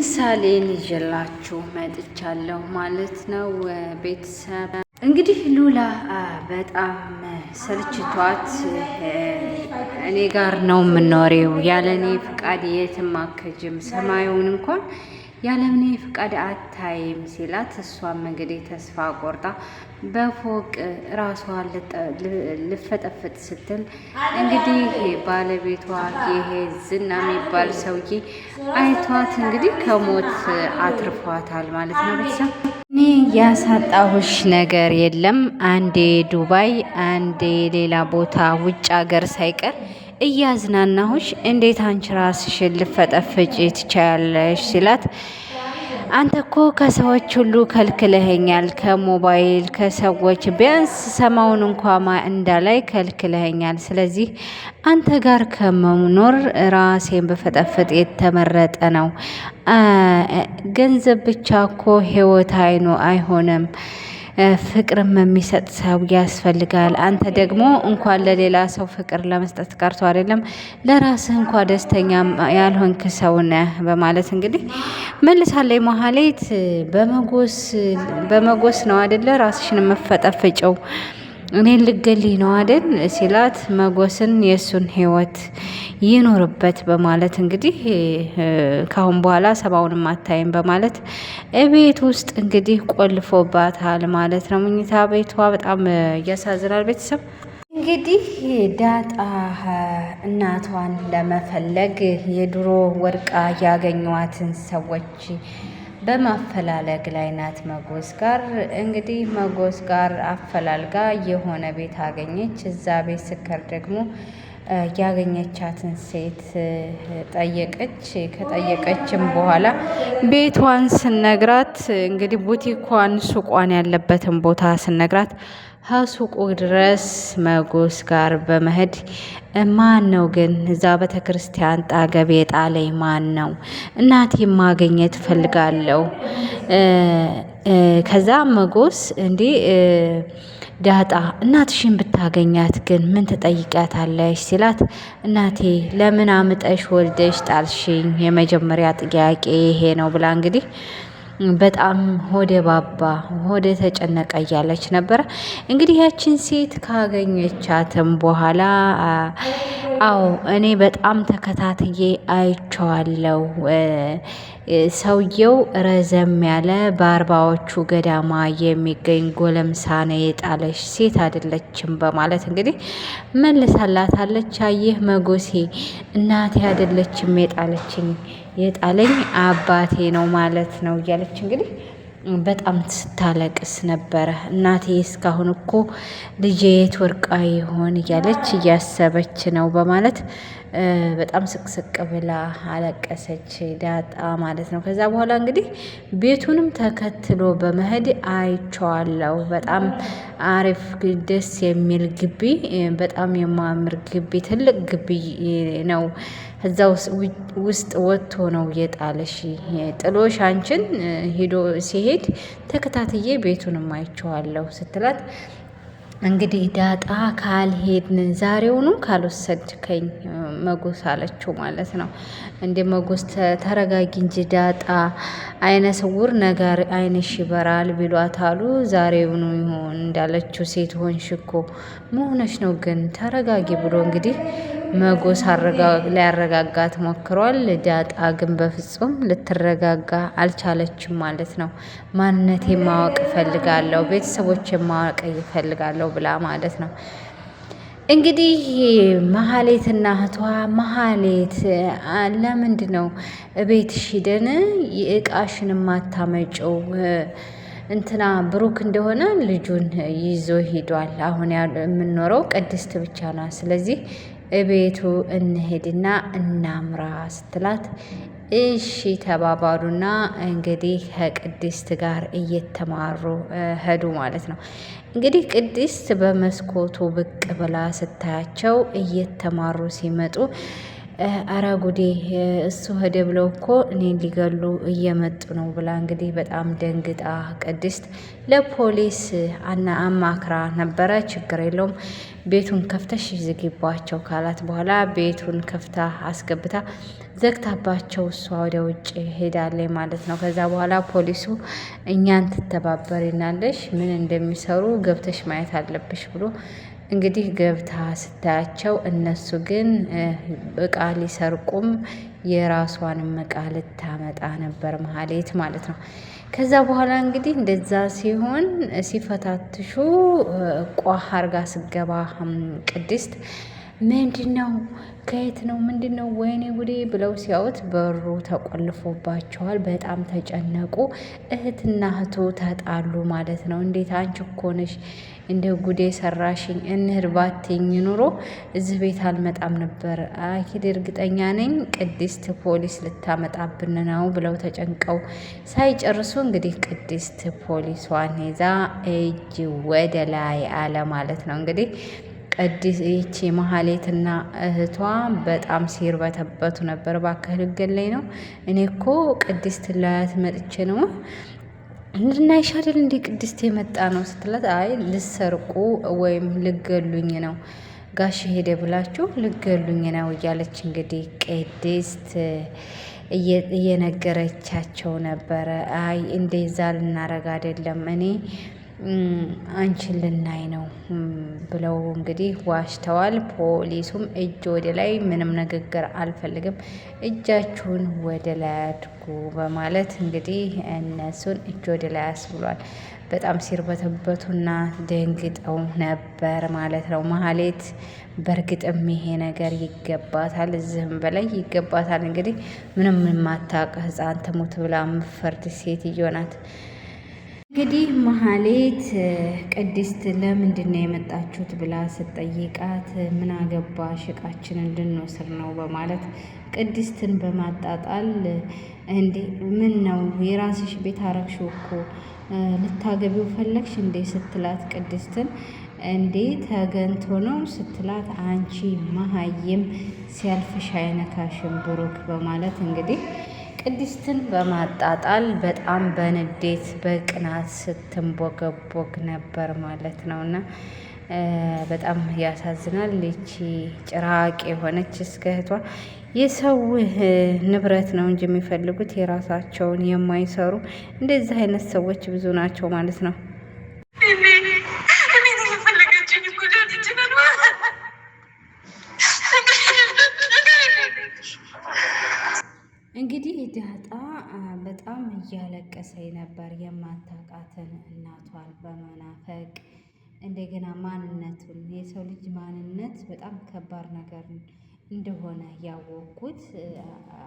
ምሳሌን ይዤላችሁ መጥቻለሁ ማለት ነው። ቤተሰብ እንግዲህ ሉላ በጣም ሰልችቷት እኔ ጋር ነው የምኖሬው፣ ያለ እኔ ፍቃድ የትም አከጅም ሰማዩን እንኳን ያለምኔ ፍቃድ አታይም ሲላት እሷም እንግዲህ ተስፋ ቆርጣ በፎቅ ራሷ ልፈጠፍጥ ስትል እንግዲህ ባለቤቷ ይሄ ዝና የሚባል ሰውዬ አይቷት እንግዲህ ከሞት አትርፏታል ማለት ነው ቤተሰብ እኔ ያሳጣሁሽ ነገር የለም አንዴ ዱባይ አንዴ ሌላ ቦታ ውጭ ሀገር ሳይቀር እያዝናናሁሽ እንዴት አንቺ ራስሽን ልፈጠፍጪ ትቻያለሽ ሲላት አንተ እኮ ከሰዎች ሁሉ ከልክለኸኛል፣ ከሞባይል ከሰዎች ቢያንስ ሰማውን እንኳ እንዳላይ ከልክለኸኛል። ስለዚህ አንተ ጋር ከመኖር ራሴን በፈጠፍጥ የተመረጠ ነው። ገንዘብ ብቻ እኮ ህይወት አይኖ አይሆንም። ፍቅርም የሚሰጥ ሰው ያስፈልጋል። አንተ ደግሞ እንኳን ለሌላ ሰው ፍቅር ለመስጠት ቀርቶ አይደለም ለራስህ እንኳ ደስተኛ ያልሆንክ ሰው ነህ በማለት እንግዲህ መልሳለች መሀሌት። በመጎስ በመጎስ ነው አይደለ ራስሽን መፈጠፍጨው እኔን ልገልኝ ነው አይደል ሲላት መጎስን የእሱን ህይወት ይኖርበት በማለት እንግዲህ ካሁን በኋላ ሰባውንም አታይም በማለት ቤት ውስጥ እንግዲህ ቆልፎባታል ማለት ነው። ምኝታ ቤቷ በጣም እያሳዝናል። ቤተሰብ እንግዲህ ዳጣ እናቷን ለመፈለግ የድሮ ወርቃ ያገኟትን ሰዎች በማፈላለግ ላይ ናት። መጎስ ጋር እንግዲህ መጎስ ጋር አፈላልጋ የሆነ ቤት አገኘች። እዛ ቤት ስከር ደግሞ ያገኘቻትን ሴት ጠየቀች። ከጠየቀችም በኋላ ቤቷን ስነግራት እንግዲህ ቡቲኳን፣ ሱቋን ያለበትን ቦታ ስነግራት ከሱቁ ድረስ መጎስ ጋር በመሄድ ማን ነው ግን እዛ ቤተ ክርስቲያን ጣገብ የጣለኝ ማን ነው? እናቴ ማገኘት ፈልጋለሁ። ከዛ መጎስ እንዲህ ዳጣ እናትሽን ብታገኛት ግን ምን ትጠይቂያታለሽ? ሲላት እናቴ ለምን አምጠሽ ወልደሽ ጣልሽኝ? የመጀመሪያ ጥያቄ ይሄ ነው ብላ እንግዲህ በጣም ሆደ ባባ ሆደ ተጨነቀ እያለች ነበረ። እንግዲህ ያችን ሴት ካገኘቻትም በኋላ አዎ እኔ በጣም ተከታትዬ አይቸዋለው። ሰውየው ረዘም ያለ በአርባዎቹ ገዳማ የሚገኝ ጎለምሳ ነው የጣለች ሴት አይደለችም በማለት እንግዲህ መልሳላታለች። አየህ መጎሴ እናቴ አይደለችም የጣለችኝ የጣለኝ አባቴ ነው ማለት ነው እያለች እንግዲህ በጣም ስታለቅስ ነበረ። እናቴ እስካሁን እኮ ልጄ የት ወርቃ ይሆን እያለች እያሰበች ነው በማለት በጣም ስቅስቅ ብላ አለቀሰች ዳጣ ማለት ነው። ከዛ በኋላ እንግዲህ ቤቱንም ተከትሎ በመሄድ አይቼዋለሁ። በጣም አሪፍ ደስ የሚል ግቢ፣ በጣም የማምር ግቢ፣ ትልቅ ግቢ ነው። እዛ ውስጥ ወጥቶ ነው የጣለሽ። ጥሎሽ አንቺን ሄዶ ሲሄድ ተከታትዬ ቤቱንም አይቼዋለሁ ስትላት እንግዲህ ዳጣ ካልሄድን ዛሬውኑ ካልወሰድከኝ መጎስ አለችው ማለት ነው። እንደ መጎስ ተረጋጊ እንጂ ዳጣ አይነ ስውር ነገር አይንሽ ይበራል ቢሏት አሉ ዛሬውኑ ይሆን እንዳለችው ሴት ሆንሽ እኮ መሆነች ነው ግን ተረጋጊ ብሎ እንግዲህ መጎስ ሊያረጋጋት ሞክሯል። ዳጣ ግን በፍጹም ልትረጋጋ አልቻለችም ማለት ነው። ማንነት ማወቅ እፈልጋለሁ፣ ቤተሰቦች ማወቅ እፈልጋለሁ ብላ ማለት ነው። እንግዲህ መሀሌትና እህቷ መሀሌት ለምንድ ነው እቤትሽ ሂደን እቃሽን ማታመጪው? እንትና ብሩክ እንደሆነ ልጁን ይዞ ሂዷል። አሁን የምንኖረው ቅድስት ብቻ ና ስለዚህ እቤቱ እንሄድና እናምራ ስትላት እሺ ተባባሉና እንግዲህ ከቅድስት ጋር እየተማሩ ሄዱ ማለት ነው። እንግዲህ ቅድስት በመስኮቱ ብቅ ብላ ስታያቸው እየተማሩ ሲመጡ አረ ጉዴ እሱ ሄደ ብለው እኮ እኔን ሊገሉ እየመጡ ነው ብላ እንግዲህ በጣም ደንግጣ ቅድስት ለፖሊስ አና አማክራ ነበረ። ችግር የለውም ቤቱን ከፍተሽ ዝጊባቸው ካላት በኋላ ቤቱን ከፍታ አስገብታ ዘግታባቸው እሷ ወደ ውጭ ሄዳለች ማለት ነው። ከዛ በኋላ ፖሊሱ እኛን ትተባበሪናለሽ፣ ምን እንደሚሰሩ ገብተሽ ማየት አለብሽ ብሎ እንግዲህ ገብታ ስታያቸው እነሱ ግን እቃ ሊሰርቁም የራሷንም እቃ ልታመጣ ነበር መሀሌት ማለት ነው። ከዛ በኋላ እንግዲህ እንደዛ ሲሆን ሲፈታትሹ ቋህ አርጋ ስገባ ቅድስት ምንድን ነው ከየት ነው ምንድን ነው ወይኔ ጉዴ ብለው ሲያዩት በሩ ተቆልፎባቸዋል። በጣም ተጨነቁ። እህትና እህቱ ተጣሉ ማለት ነው። እንዴት አንቺ እኮ ነሽ እንደ ጉዴ ሰራሽኝ እንህድ ባትይኝ ኑሮ እዚህ ቤት አልመጣም ነበር። አኪድ እርግጠኛ ነኝ ቅድስት ፖሊስ ልታመጣብን ነው ብለው ተጨንቀው ሳይጨርሱ እንግዲህ ቅድስት ፖሊሷን ይዛ እጅ ወደ ላይ አለ ማለት ነው እንግዲህ ቅድስ ይቺ መሀሌትና እህቷ በጣም በተበቱ ነበር። ባካህ ልገለኝ ነው እኔ እኮ ቅድስት ላያት መጥቼ ነው እንድናይሽ አይደል እንዲ ቅድስት የመጣ ነው ስትላት፣ አይ ልሰርቁ ወይም ልገሉኝ ነው ጋሽ ሄደ ብላችሁ ልገሉኝ ነው እያለች እንግዲህ ቅድስት እየነገረቻቸው ነበረ። አይ እንደዛ ልናረግ አይደለም እኔ አንቺን ልናይ ነው ብለው እንግዲህ ዋሽተዋል። ፖሊሱም እጅ ወደ ላይ ምንም ንግግር አልፈልግም፣ እጃችሁን ወደ ላይ አድጉ በማለት እንግዲህ እነሱን እጅ ወደ ላይ አስብሏል። በጣም ሲርበተበቱና ደንግጠው ነበር ማለት ነው። መሀሌት በእርግጥም ይሄ ነገር ይገባታል፣ እዚህም በላይ ይገባታል። እንግዲህ ምንም የማታውቅ ህፃን ትሙት ብላ ምፈርድ ሴትዮ ናት። እንግዲህ መሀሌት ቅድስት ለምንድን ነው የመጣችሁት ብላ ስትጠይቃት ምን አገባሽ እቃችንን ነው በማለት ቅድስትን በማጣጣል እንዴ ምን ነው የራስሽ ቤት አረግሽ እኮ ልታገቢው ፈለግሽ እንዴ ስትላት ቅድስትን እንዴ ተገንቶ ነው ስትላት አንቺ መሀይም ሲያልፍሽ አይነካሽም ብሩክ በማለት እንግዲህ ቅድስትን በማጣጣል በጣም በንዴት በቅናት ስትንቦገቦግ ነበር ማለት ነው። እና በጣም ያሳዝናል። ይቺ ጭራቅ የሆነች እስከ እህቷ የሰው ንብረት ነው እንጂ የሚፈልጉት የራሳቸውን የማይሰሩ እንደዚህ አይነት ሰዎች ብዙ ናቸው ማለት ነው። እንግዲህ ዳጣ በጣም እያለቀሰ ነበር። የማታቃትን እናቷን በመናፈቅ እንደገና ማንነቱን የሰው ልጅ ማንነት በጣም ከባድ ነገር እንደሆነ ያወቅኩት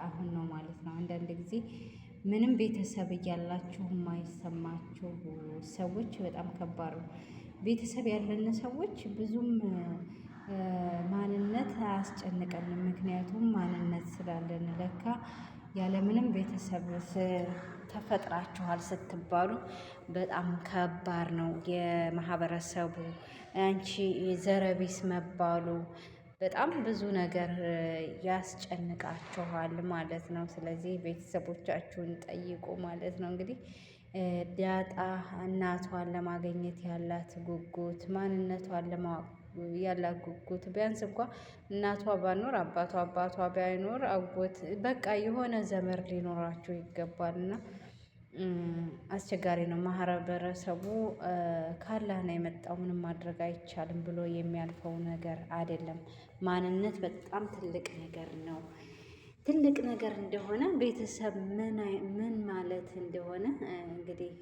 አሁን ነው ማለት ነው። አንዳንድ ጊዜ ምንም ቤተሰብ እያላችሁ የማይሰማችሁ ሰዎች በጣም ከባድ ነው። ቤተሰብ ያለን ሰዎች ብዙም ማንነት አያስጨንቀንም። ምክንያቱም ማንነት ስላለን ለካ ያለምንም ቤተሰብ ተፈጥራችኋል ስትባሉ በጣም ከባድ ነው። የማህበረሰቡ አንቺ ዘረቢስ መባሉ በጣም ብዙ ነገር ያስጨንቃችኋል ማለት ነው። ስለዚህ ቤተሰቦቻችሁን ጠይቁ ማለት ነው። እንግዲህ ዳጣ እናቷን ለማገኘት ያላት ጉጉት ማንነቷን ለማወቅ ያላት ጉጉት ቢያንስ እንኳ እናቷ ባኖር አባቷ አባቷ ባይኖር አጎት በቃ የሆነ ዘመር ሊኖራቸው ይገባል እና አስቸጋሪ ነው። ማህበረሰቡ ካላህ ነው የመጣው ምንም ማድረግ አይቻልም ብሎ የሚያልፈው ነገር አይደለም። ማንነት በጣም ትልቅ ነገር ነው። ትልቅ ነገር እንደሆነ ቤተሰብ ምን ማለት እንደሆነ እንግዲህ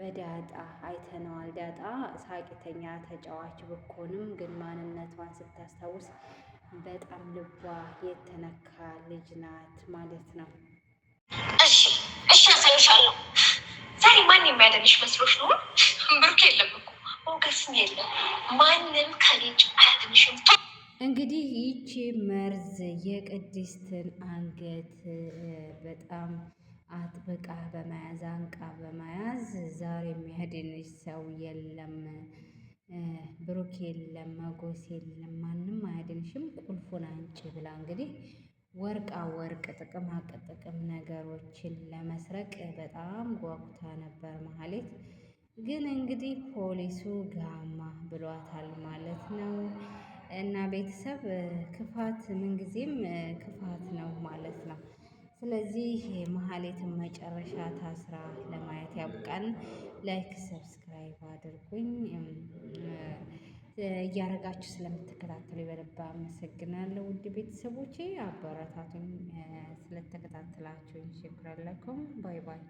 በዳጣ አይተነዋል። ዳጣ ሳቂተኛ ተጫዋች ብኮንም ግን ማንነቷን ስታስታውስ በጣም ልቧ የተነካ ልጅ ናት ማለት ነው። እሺ እሺ፣ አሳይሻለሁ። ዛሬ ማን የሚያደንሽ መስሎሽ ነው? ብሩክ የለም እኮ ሞገስም የለም። ማንም ከልጅ አያደንሽም። እንግዲህ ይቺ መርዝ የቅድስትን አንገት በጣም አጥብቃ በመያዝ አንቃ በመያዝ ዛሬ የሚያድንሽ ሰው የለም፣ ብሩክ የለም፣ መጎስ የለም፣ ማንም አያድንሽም፣ ቁልፉን አንጭ ብላ እንግዲህ ወርቃ ወርቅ ጥቅማ ጥቅም ነገሮችን ለመስረቅ በጣም ጓጉታ ነበር መሀሌት። ግን እንግዲህ ፖሊሱ ጋማ ብሏታል ማለት ነው። እና ቤተሰብ ክፋት ምንጊዜም ክፋት ነው ማለት ነው። ስለዚህ መሀሌትን መጨረሻ ታስራ ለማየት ያብቃን። ላይክ ሰብስክራይብ አድርጉኝ። እያረጋችሁ ስለምትከታተሉ በልብ አመሰግናለሁ። ውድ ቤተሰቦቼ አበረታቱኝ። ስለተከታተላችሁ ሽኩራን ለኩም። ባይ ባይ